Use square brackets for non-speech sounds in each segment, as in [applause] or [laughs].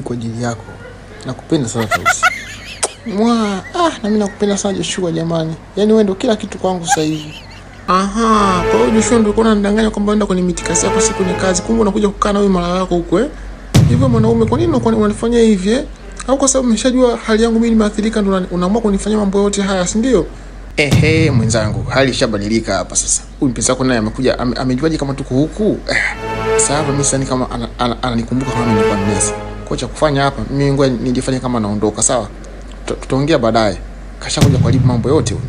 hii kwa ajili yako. Nakupenda sana Tausi. Mwa, ah, na mimi nakupenda sana Joshua jamani. Yaani wewe ndio kila kitu kwangu sasa hivi. Aha, kwa hiyo Joshua ndio kuna nidanganya kwamba unaenda kwenye mitikasi yako siku ni kazi. Kumbe unakuja kukaa na huyu mara yako huko eh? Hivyo mwanaume kwa nini unakuwa unanifanya hivi eh? Au kwa sababu umeshajua hali yangu mimi nimeathirika ndio unaamua kunifanyia mambo yote haya, si ndio? Ehe, mwenzangu, hali ishabadilika hapa sasa. Huyu mpenzi wako naye amekuja amejuaje kama tuko huku? Eh, sasa mimi sasa kama ananikumbuka ana, ana, ana, kama nilikuwa nilikuwa kwa cha kufanya hapa mimi ngoja nijifanye kama naondoka, sawa? Tutaongea baadaye. Kasha kuja kuharibu mambo yote huyo.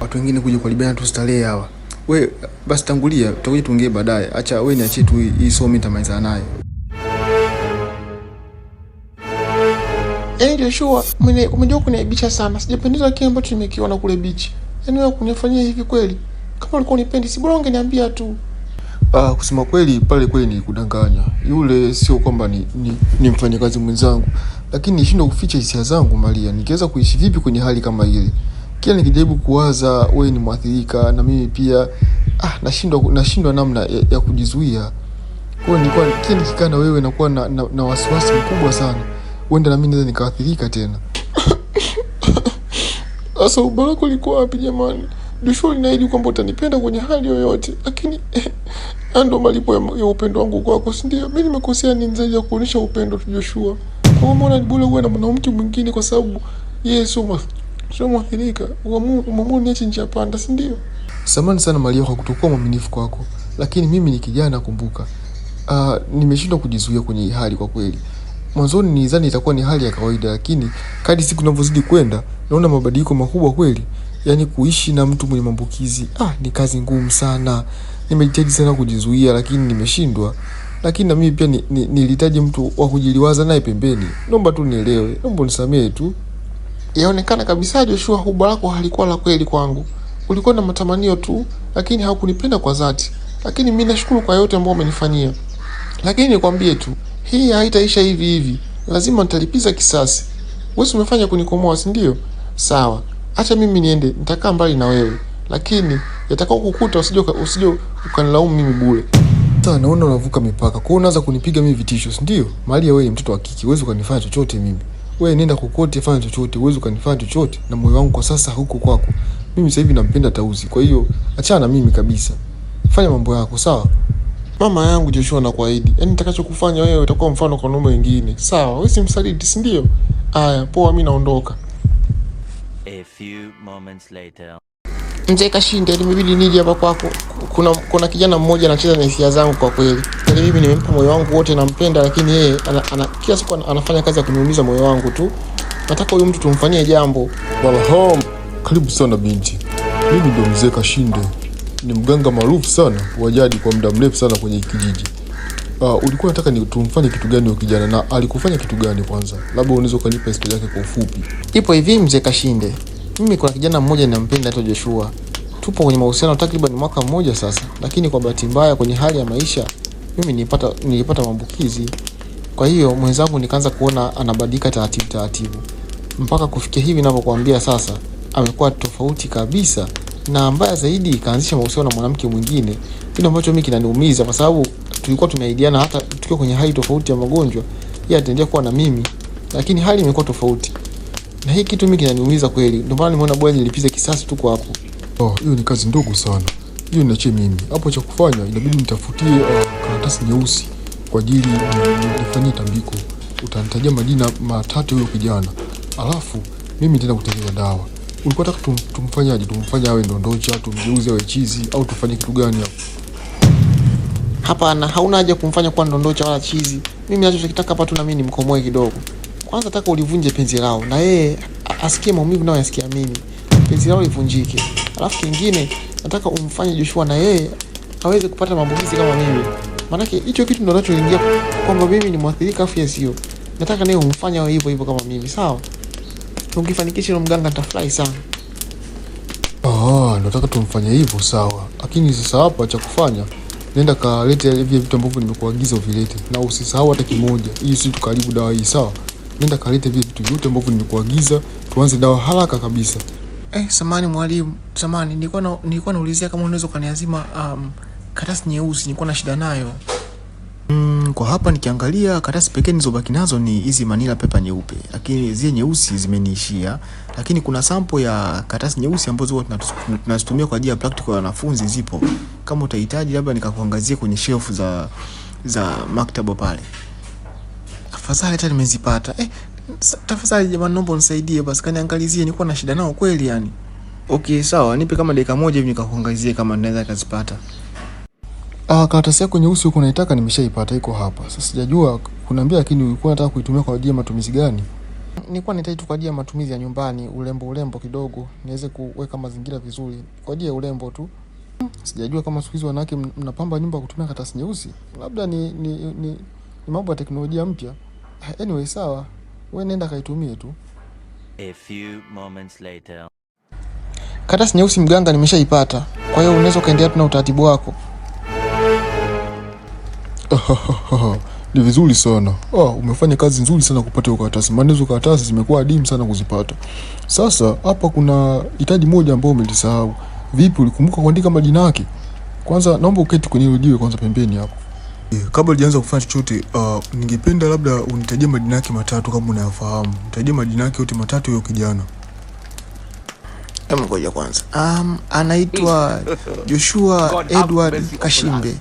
Watu wengine kuja kuharibiana tu starehe hawa. We basi tangulia, tutakuja tuongee baadaye. Acha we niachie tu hii somo nitamaliza nayo. Yaani Joshua, umejua kuniaibisha sana. Sijapendezwa kile ambacho nimekiona kule bichi. Yaani wewe kunifanyia hivi kweli? Kama ulikuwa unipendi, si bora ungeniambia tu. Uh, kusema kweli pale kweli ni kudanganya. Yule sio kwamba ni, ni, ni mfanyakazi mwenzangu, lakini nishindwa kuficha hisia zangu Maria. Nikiweza kuishi vipi kwenye hali kama ile? Kila nikijaribu kuwaza wewe ni mwathirika na mimi pia, ah, nashindwa nashindwa namna ya, ya kujizuia. Kwa nilikuwa kila nikikaa na wewe nakuwa na, na, na wasiwasi mkubwa sana, huenda na mimi naweza nikaathirika tena. [coughs] Sasa ubaraka ulikuwa wapi jamani? Dushua linaahidi kwamba utanipenda kwenye hali yoyote, lakini eh, Ndo malipo ya upendo wangu kwako, si ndio? Mimi nimekosea nini zaidi ya kuonyesha upendo tu Joshua? Kwa maana bora uwe na mwanamke mwingine kwa sababu yeye sio sio mwathirika. Uamua niache njia panda, si ndio? Samahani sana Maria kwa kutokuwa mwaminifu kwako. Lakini mimi ni kijana kumbuka. Uh, ah, nimeshindwa kujizuia kwenye hali kwa kweli. Mwanzoni nilidhani itakuwa ni hali ya kawaida, lakini kadri siku zinavyozidi kwenda naona mabadiliko makubwa kweli. Yaani kuishi na mtu mwenye maambukizi, ah, ni kazi ngumu sana nimejitahidi sana kujizuia, lakini nimeshindwa. Lakini na mimi pia nilihitaji ni, ni mtu wa kujiliwaza naye pembeni. Naomba tu nielewe, naomba unisamehe tu. Yaonekana kabisa Joshua, huba lako halikuwa la kweli kwangu. Ulikuwa na matamanio tu, lakini hakunipenda kwa dhati. Lakini mimi nashukuru kwa yote ambayo umenifanyia. Lakini nikwambie tu, hii haitaisha hivi hivi. Lazima nitalipiza kisasi. Wewe umefanya kunikomoa, si ndio? Sawa, acha mimi niende, nitakaa mbali na wewe. Lakini yatakao kukuta, usije usije ukanilaumu mimi bure. Sasa naona unavuka mipaka, kwa hiyo unaanza kunipiga mimi vitisho, si ndio? Maria, wewe ni mtoto wa kike, uwezi ukanifanya chochote mimi. Wewe nenda kokote, fanya chochote, uwezi ukanifanya chochote, na moyo wangu kwa sasa huko kwako. Mimi sasa hivi nampenda Tausi, kwa hiyo achana mimi kabisa, fanya mambo yako sawa. Mama yangu Joshua, na kuahidi, yaani nitakachokufanya wewe utakuwa mfano kwa wanaume wengine, sawa? Wewe si msaliti, si ndio? Aya, poa, mimi naondoka. A few moments later. Mzee Kashinde, nimebidi yaani nije hapa kwako. Kuna, kuna kijana mmoja anacheza na hisia zangu kwa kweli. Yaani mimi nimempa moyo wangu wote, nampenda, lakini yeye ana, ana, kila siku anafanya kazi ya kuniumiza moyo wangu tu. Nataka huyu mtu tumfanyie jambo. Walham, karibu sana binti. Mimi ndo mzee Kashinde, ni mganga maarufu sana wa jadi kwa muda mrefu sana kwenye kijiji. Uh, ulikuwa nataka ni tumfanye kitu gani huyo kijana na alikufanya kitu gani kwanza? Labda unaweza kunipa historia yake kwa ufupi. Ipo hivi mzee Kashinde, mimi kuna kijana mmoja ninampenda anaitwa Joshua. Tupo kwenye mahusiano takriban mwaka mmoja sasa, lakini kwa bahati mbaya, kwenye hali ya maisha, mimi nilipata nilipata maambukizi. Kwa hiyo mwenzangu nikaanza kuona anabadilika taratibu taratibu, mpaka kufikia hivi ninavyokuambia sasa, amekuwa tofauti kabisa, na mbaya zaidi, kaanzisha mahusiano na mwanamke mwingine, kitu ambacho mimi kinaniumiza, kwa sababu tulikuwa tumeahidiana hata tukiwa kwenye hali tofauti ya magonjwa, yeye ataendelea kuwa na mimi, lakini hali imekuwa tofauti na hii kitu mimi kinaniumiza kweli, ndio maana nimeona bwana nilipiza kisasi tu kwa hapo. Oh, hiyo ni kazi ndogo sana, hiyo niachie mimi hapo. Cha kufanya inabidi nitafutie uh, karatasi nyeusi kwa ajili eh, nifanyie tambiko. Utanitajia majina matatu huyo kijana, alafu mimi nitaenda kutengeneza dawa. Ulikuwa unataka tum, tumfanyaje? Tumfanye awe ndondocha, tumgeuze awe chizi, au tufanye kitu gani hapo? Hapana, hauna haja kumfanya kuwa ndondocha wala chizi. Mimi nachokitaka hapa tu na mimi nimkomoe kidogo kwanza taka ulivunje penzi lao, na yeye asikie maumivu nao yasikia mimi, penzi lao livunjike. Alafu kingine nataka umfanye Joshua na yeye aweze kupata maambukizi kama mimi, maanake hicho kitu ndo nachoingia kwamba mimi ni mwathirika afya sio. Nataka naye umfanye hivyo hivyo kama mimi, sawa? Ungifanikisha hilo mganga, nitafurahi sana. Ah, nataka tumfanye hivyo sawa, lakini sasa hapa cha kufanya nenda kalete vile vitu ambavyo nimekuagiza uvilete, na usisahau hata kimoja, ili si tukaribu dawa hii, sawa? nenda kalete vile vitu vyote ambavyo nimekuagiza, tuanze dawa haraka kabisa. Eh, samani mwalimu, samani, nilikuwa na, nilikuwa naulizia kama unaweza kaniazima um, karatasi nyeusi, nilikuwa na shida nayo. Mm, kwa hapa nikiangalia karatasi pekee nilizobaki nazo ni hizi manila pepa nyeupe, lakini zile nyeusi zimeniishia, lakini kuna sampo ya karatasi nyeusi ambazo huwa tunazitumia kwa ajili ya practical ya wanafunzi zipo. Kama utahitaji labda nikakuangazia kwenye shelf za za maktaba pale tafadhali hata nimezipata. Eh, tafadhali jamani, naomba unisaidie basi, kaniangalizie, niko na shida nao kweli yani. Okay, sawa, nipe kama dakika moja hivi nikakuangalizie kama naweza kazipata. Ah, karatasi yako nyeusi huko unaitaka nimeshaipata, iko hapa. Sasa sijajua kuniambia, lakini ulikuwa unataka kuitumia kwa ajili ya matumizi gani? Nilikuwa nahitaji tu kwa ajili ya matumizi ya nyumbani, urembo urembo kidogo, niweze kuweka mazingira vizuri. Kwa ajili ya urembo tu. Sijajua kama siku hizi wanawake mnapamba nyumba kutumia karatasi nyeusi. Labda ni ni, ni, ni mambo ya teknolojia mpya. Anyway, sawa, we nenda kaitumie tu. A few moments later. Karatasi nyeusi mganga, nimeshaipata kwa hiyo unaweza ukaendelea tuna na utaratibu wako. [laughs] Ni vizuri sana. Oh, umefanya kazi nzuri sana kupata hiyo karatasi, maana hizo karatasi zimekuwa adimu sana kuzipata. Sasa hapa kuna hitaji moja ambayo umelisahau. Vipi, ulikumbuka kuandika majina yake? Kwanza naomba uketi kwenye hilo kwanza, pembeni hapo. Eh, kabla hujaanza kufanya chochote uh, ningependa labda unitajie majina yake matatu kama unayafahamu. Nitajie majina yake yote matatu huyo kijana. Hebu ngoja kwanza. Um, anaitwa Joshua [laughs] Edward Kashimbe.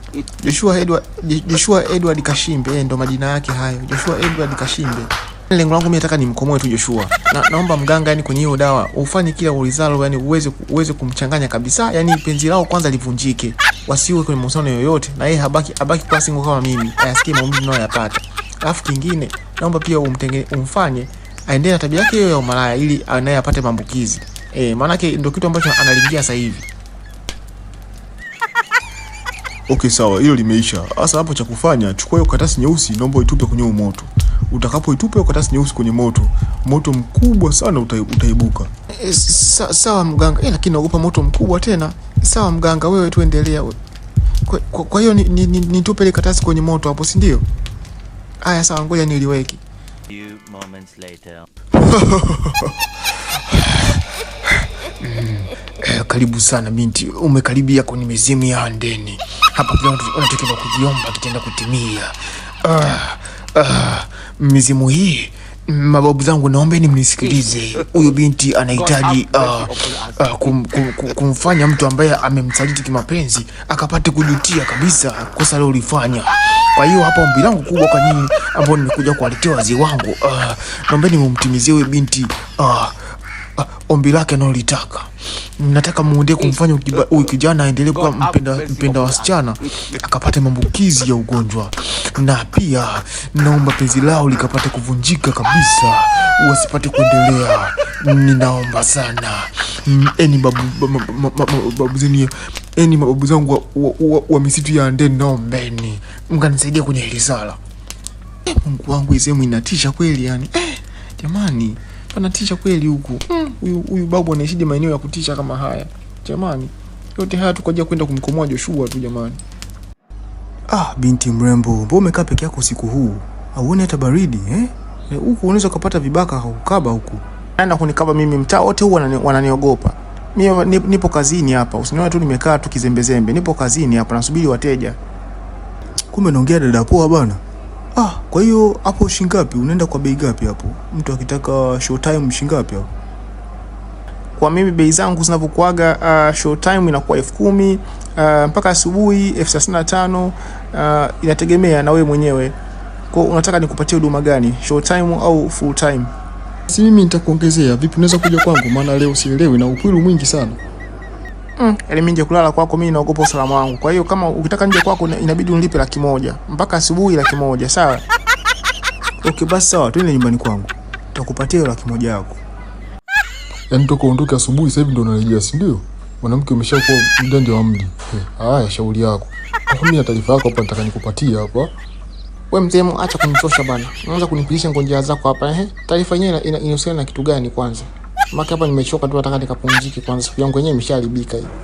Joshua Edward Joshua Edward Kashimbe eh, ndo majina yake hayo. Joshua Edward Kashimbe. Yaani lengo langu mimi nataka nimkomoe tu Joshua. Na, naomba mganga yani kwenye hiyo dawa ufanye kila ulizalo yani uweze uweze kumchanganya kabisa yani penzi lao kwanza livunjike wasiwe kwenye mahusiano yoyote, na yeye habaki abaki kwa single kama mimi, ayasikie maumivu nayo yapata Alafu kingine, naomba pia umtenge, umfanye aendelee na tabia yake hiyo ya umalaya, ili naye apate maambukizi eh, maanake ndio kitu ambacho analingia sasa hivi. Okay, sawa, hilo limeisha. Sasa hapo cha kufanya, chukua hiyo karatasi nyeusi, naomba uitupe kwenye moto. Utakapoitupa hiyo karatasi nyeusi kwenye moto, moto mkubwa sana utaibuka. E, sawa mganga, eh, lakini naogopa moto mkubwa tena. Sawa mganga, wewe tuendelea. Kwa, kwa, kwa hiyo nitupe ni, ni, ni ile kwenye moto hapo, si ndio? Haya, sawa, ngoja niliweki [sighs] eh, karibu sana binti, umekaribia kwenye mizimu ya ndeni Hapa kila anatokea kujiomba kitenda kutimia. Ah, ah, mizimu hii Mababu zangu, naombeni mnisikilize. Huyu binti anahitaji uh, uh, kum, kum, kum, kumfanya mtu ambaye amemsaliti kimapenzi akapate kujutia kabisa kosa ulifanya Kwa hiyo hapa ombi langu kubwa kwa nyinyi ambao nimekuja kuwaletea wazee wangu, uh, naombeni mumtimizie huyu binti uh, ah, ombi lake nalolitaka nataka muendee kumfanya huyu kijana aendelee kuwa mpenda, mpenda wasichana akapate maambukizi ya ugonjwa, na pia naomba penzi lao likapate kuvunjika kabisa, wasipate kuendelea. Ninaomba sana eni mm, yaani babu, babu eni yaani mababu zangu wa, misitu ya Andeni, naombeni mkanisaidia kwenye hili sala. Eh, Mungu wangu, hii sehemu inatisha kweli yani. Eh, jamani anatisha kweli huku. Hmm. Huyu hmm. babu anaishije maeneo ya kutisha kama haya jamani? Yote haya tukaja kwenda kumkomoa Joshua tu jamani. Ah, binti mrembo, mbona umekaa peke yako usiku huu? Auone hata baridi eh? eh huku unaweza kupata vibaka ukaba huku. Ana kunikaba mimi, mtaa wote huu wananiogopa. Mimi nipo kazini hapa. Usiniona tu nimekaa tu kizembezembe. Nipo kazini hapa nasubiri wateja. Kumbe naongea dada poa bana. Ah, kwa hiyo hapo shingapi? Unaenda kwa bei gapi hapo? Mtu akitaka showtime shingapi hapo? Kwa mimi bei zangu zinavyokuaga uh, ah, showtime inakuwa elfu kumi uh, mpaka asubuhi elfu thelathini na tano uh, inategemea na wewe mwenyewe kwa unataka nikupatie huduma gani, showtime au full time. Si mimi nitakuongezea. Vipi, unaweza kuja kwangu? Maana leo sielewi na upwilu mwingi sana. Mm. Yaani mimi nje kulala kwako mimi naogopa usalama wangu. Kwa hiyo kama ukitaka nje kwako inabidi unilipe laki moja mpaka asubuhi laki moja, sawa? Okay, basi sawa, twende nyumbani kwangu. Nitakupatia hiyo laki moja yako. Yaani toka uondoke asubuhi sasa hivi ndio unarejea, si ndio? Mwanamke umeshakuwa mjanja wa mji. Eh, haya, shauri yako. Mimi na taarifa yako hapa nataka nikupatie hapa. Wewe mzee, acha kunichosha bana. Unaanza kunipilisha ngonjea zako hapa ehe? Taarifa yenyewe inahusiana na kitu gani kwanza? Maki hapa nimechoka tu, nataka nikapumzike kwanza, siku yangu yenyewe imeshaharibika hii. [laughs]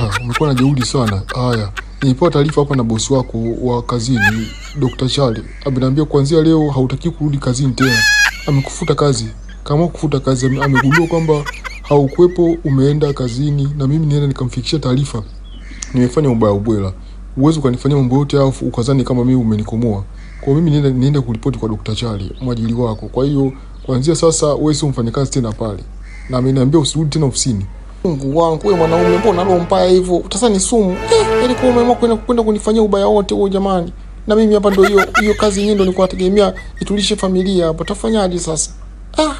Ah, umekuwa na juhudi sana. Haya, nilipewa taarifa hapa na bosi wako wa kazini Dr. Charlie, Ameniambia kuanzia leo hautaki kurudi kazini tena. Amekufuta kazi. Kama kufuta kazi amegundua kwamba haukuwepo umeenda kazini na mimi nienda nikamfikishia taarifa. Nimefanya ubaya ubwela. Uwezo ukanifanyia mambo yote au ukazani kama mimi umenikomoa. Kwa mimi nienda nienda kuripoti kwa Dr. Charlie mwajili wako. Kwa hiyo kuanzia sasa wewe sio mfanyakazi tena pale, na ameniambia usirudi tena ofisini. Mungu wangu, wewe mwanaume, mbona roho mbaya hivyo? Sasa ni sumu eh, ili yaani kwa mama kwenda kwenda kunifanyia ubaya wote huo jamani. Na mimi hapa ndio hiyo hiyo kazi yenyewe ndio nilikuwa nategemea itulishe familia hapa. Tafanyaje sasa? Ah,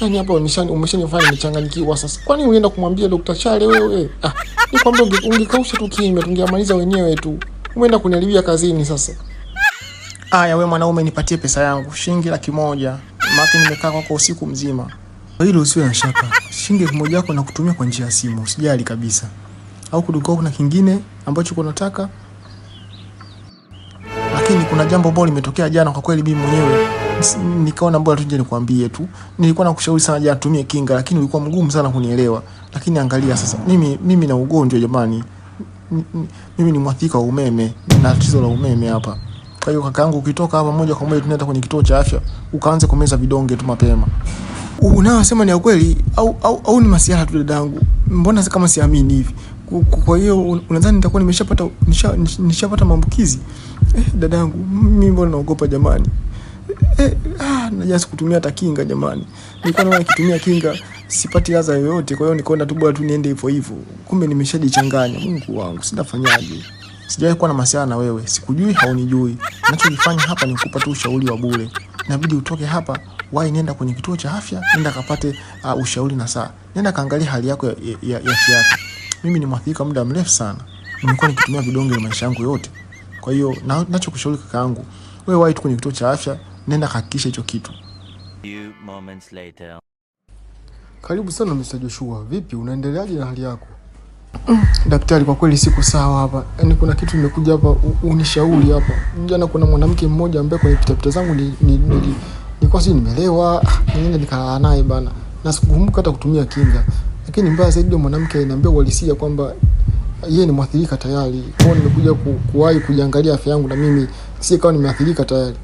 yani hapa umeshani umeshanifanya nichanganyikiwa sasa. Kwani unaenda kumwambia Dr. Chale wewe? Ah, ni kwamba ungekausha tu kimya, tungeamaliza wenyewe tu. Umeenda kuniharibia kazini sasa. Aya, we mwanaume, nipatie pesa yangu shilingi laki moja maana nimekaa kwako usiku mzima. Kwa hilo usiwe na shaka. Shilingi elfu moja yako na kutumia kwa njia ya simu, usijali kabisa. Au kulikuwa kuna kingine ambacho unataka? Lakini kuna jambo bora limetokea jana kwa kweli mimi mwenyewe nikaona bora tuje nikwambie tu. Nilikuwa nakushauri sana jana tumie kinga, lakini ulikuwa mgumu sana kunielewa. Lakini angalia sasa, mimi mimi na ugonjwa jamani. Mimi ni mwathika wa umeme, na tatizo la umeme hapa. Kwa hiyo kakaangu, ukitoka hapa moja kwa moja tunaenda kwenye kituo cha afya ukaanze kumeza vidonge tu mapema. Unaosema ni ya kweli au, au, au ni masiara tu dadangu? Mbona kama siamini hivi? Kwa hiyo unadhani nitakuwa nimeshapata nishapata nisha nisha maambukizi? Eh, dadangu mimi mbona naogopa jamani. Eh, eh ah, najasi kutumia hata kinga jamani. Nilikuwa naona nikitumia kinga sipati laza yoyote, kwa hiyo nikaona tu bora tu niende hivyo hivyo. Kumbe nimeshajichanganya. Mungu wangu, sitafanyaje? Sijawahi kuwa na masuala na wewe, sikujui, haunijui. Ninachokifanya hapa ni kukupa tu ushauri wa bure. Inabidi utoke hapa, wahi, nenda kwenye kituo cha afya, nenda kapate uh, ushauri na saa, nenda kaangalia hali yako ya ya, ya kiafya. Mimi ni mwathirika muda mrefu sana, nimekuwa nikitumia vidonge ya maisha yangu yote. Kwa hiyo na, ninachokushauri kaka yangu, wewe wahi tu kwenye kituo cha afya, nenda kahakikisha hicho kitu. Karibu sana Mr. Joshua, vipi unaendeleaje na hali yako? Daktari, kwa kweli siku sawa hapa, yaani kuna kitu nimekuja hapa unishauri hapa. Jana kuna mwanamke mmoja ambaye kwenye pitapita zangu nilikuwa sijui nimelewa, ah, nilienda nikalala naye bana, na sikukumbuka hata kutumia kinga. Lakini mbaya zaidi yule mwanamke aliniambia uhalisia kwamba yeye ni mwathirika tayari. Kwao nimekuja ku, kuwahi kujiangalia afya yangu na mimi si kama nimeathirika tayari.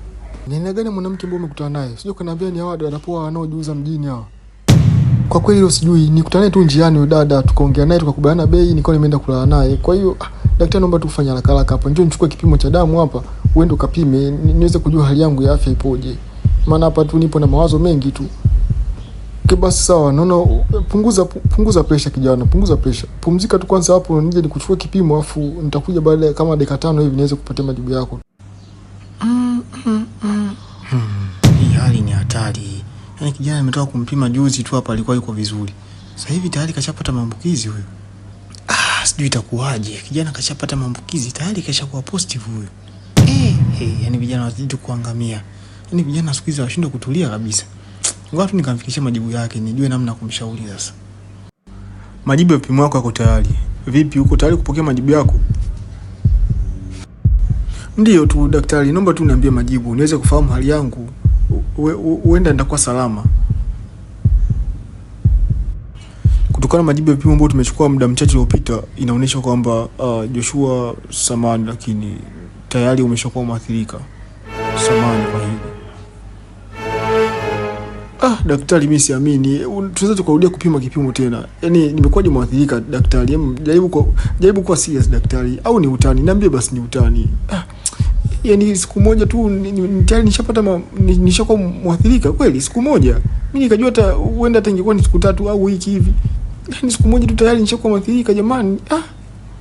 Ni aina gani mwanamke ambaye umekutana naye? Sijui kanaambia ni hawa dada wanaojuuza mjini hawa kwa kweli leo sijui, nikutane tu njiani yule dada, tukaongea naye tukakubaliana bei, nikawa nimeenda kulala naye. Kwa hiyo ah, daktari, naomba tu ufanye haraka haraka hapa, njoo nichukue kipimo cha damu hapa, uende ukapime niweze kujua hali yangu ya afya ipoje, maana hapa tu nipo na mawazo mengi tu. Basi sawa, naona punguza, punguza presha kijana, punguza presha, pumzika tu kwanza hapo, nije nikuchukue kipimo, afu nitakuja baada kama dakika tano hivi niweze kupatia majibu yako. Yaani kijana ametoka kumpima juzi tu hapa alikuwa yuko vizuri. Sasa hivi tayari kashapata maambukizi huyo. Ah, sijui itakuwaje. Kijana kashapata maambukizi tayari kashakuwa positive huyo. Eh, hey, eh, yani vijana wazidi kuangamia. Yaani vijana siku hizi washindwa kutulia kabisa. Ngoja tu nikamfikishie majibu yake nijue namna kumshauri sasa. Majibu ya vipimo yako yako tayari. Vipi, uko tayari kupokea majibu yako? Ndiyo tu daktari, naomba tu niambie majibu niweze kufahamu hali yangu huenda nitakuwa salama kutokana na majibu ya vipimo ambayo tumechukua muda mchache uliopita, inaonyesha kwamba uh, Joshua samani, lakini tayari umeshakuwa mwathirika. Samani kwa hili. Ah, daktari, mimi siamini. Tunaweza tukarudia kupima kipimo tena? Yaani nimekuwaje mwathirika daktari? Yaani, jaribu kwa jaribu kwa serious daktari, au ni utani? Niambie basi ni utani. Ah, yani siku moja tu tayari nishapata nishakuwa mwathirika kweli. Siku moja mimi nikajua hata huenda hata ingekuwa ni siku tatu au wiki hivi, yani siku moja tu tayari nishakuwa mwathirika jamani. Ah,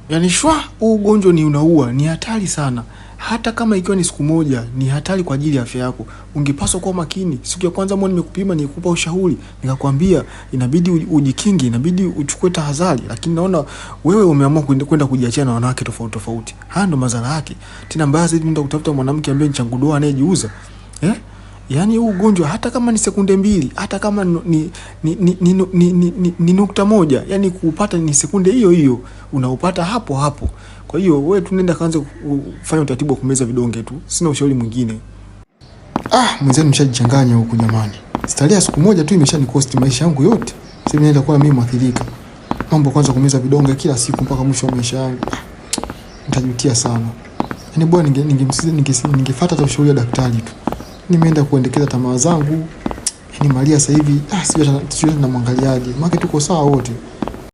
yani shwa, huu ugonjwa ni unaua, ni hatari sana hata kama ikiwa ni siku moja, ni hatari kwa ajili ya afya yako. Ungepaswa kuwa makini. Siku ya kwanza mbona nimekupima, nikupa ushauri, nikakwambia inabidi ujikingi, inabidi uchukue tahadhari, lakini naona wewe umeamua kwenda kujiachia na wanawake tofauti tofauti. Haya ndo madhara yake. Tena mbaya zaidi, kutafuta mwanamke ambaye ni changudoa anayejiuza eh? yaani huu ugonjwa hata kama ni sekunde mbili, hata kama ni, ni, ni, ni, ni, ni, ni, ni nukta moja, yaani kuupata ni sekunde hiyo hiyo, unaupata hapo hapo. Kwa hiyo wewe tu nenda kaanze kufanya utaratibu wa kumeza vidonge tu, sina ushauri mwingine. Ah, mwenzenu nishajichanganya huku jamani, starehe siku moja tu imeshanikosti maisha yangu yote. Sasa naenda kuwa mimi mwathirika, mambo kwanza kumeza vidonge kila siku mpaka mwisho wa maisha yangu, nitajutia sana. Yaani bwana, ningefuata ninge, ninge, ninge, ninge, ninge, ninge, ninge, ninge, ninge, daktari tu nimeenda kuendekeza tamaa zangu. ni yaani Maria sasa hivi ah, sijui tunamwangaliaje, maana tuko sawa wote.